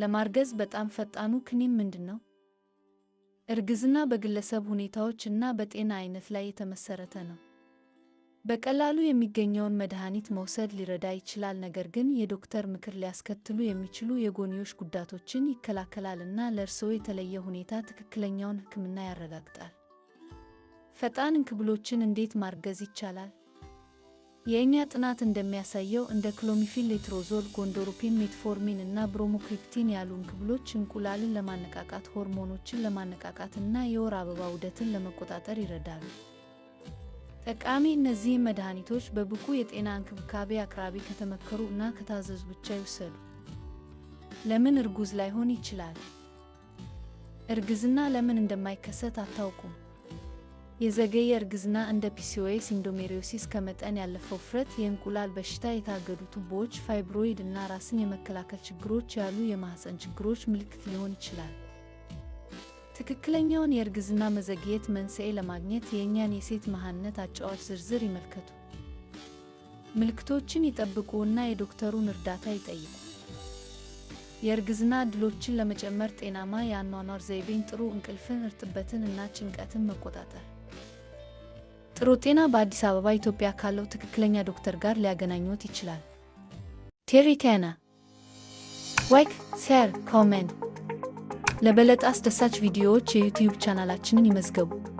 ለማርገዝ በጣም ፈጣኑ ክኒን ምንድን ነው? እርግዝና በግለሰብ ሁኔታዎች እና በጤና አይነት ላይ የተመሰረተ ነው። በቀላሉ የሚገኘውን መድኃኒት መውሰድ ሊረዳ ይችላል፣ ነገር ግን የዶክተር ምክር ሊያስከትሉ የሚችሉ የጎንዮሽ ጉዳቶችን ይከላከላል እና ለእርስዎ የተለየ ሁኔታ ትክክለኛውን ሕክምና ያረጋግጣል። ፈጣን እንክብሎችን እንዴት ማርገዝ ይቻላል? የእኛ ጥናት እንደሚያሳየው እንደ ክሎሚፊል፣ ሌትሮዞል፣ ጎንዶሮፒን፣ ሜትፎርሚን እና ብሮሞክሪፕቲን ያሉ እንክብሎች እንቁላልን ለማነቃቃት፣ ሆርሞኖችን ለማነቃቃት እና የወር አበባ ዑደትን ለመቆጣጠር ይረዳሉ። ጠቃሚ እነዚህ መድኃኒቶች በብቁ የጤና እንክብካቤ አቅራቢ ከተመከሩ እና ከታዘዙ ብቻ ይውሰዱ። ለምን እርጉዝ ላይሆን ይችላል? እርግዝና ለምን እንደማይከሰት አታውቁም? የዘገየ እርግዝና እንደ ፒሲኦኤስ፣ ኢንዶሜሪዮሲስ፣ ከመጠን ያለፈው ውፍረት፣ የእንቁላል በሽታ፣ የታገዱ ቱቦዎች፣ ፋይብሮይድ እና ራስን የመከላከል ችግሮች ያሉ የማህፀን ችግሮች ምልክት ሊሆን ይችላል። ትክክለኛውን የእርግዝና መዘግየት መንስኤ ለማግኘት የእኛን የሴት መሃንነት አጫዋች ዝርዝር ይመልከቱ። ምልክቶችን ይጠብቁ እና የዶክተሩን እርዳታ ይጠይቁ። የእርግዝና ዕድሎችን ለመጨመር ጤናማ የአኗኗር ዘይቤን፣ ጥሩ እንቅልፍን፣ እርጥበትን እና ጭንቀትን መቆጣጠር ጥሩ ጤና በአዲስ አበባ ኢትዮጵያ ካለው ትክክለኛ ዶክተር ጋር ሊያገናኙት ይችላል። ቴሪ ቴና ዋይክ፣ ሴር ኮመን ለበለጠ አስደሳች ቪዲዮዎች የዩትዩብ ቻናላችንን ይመዝገቡ።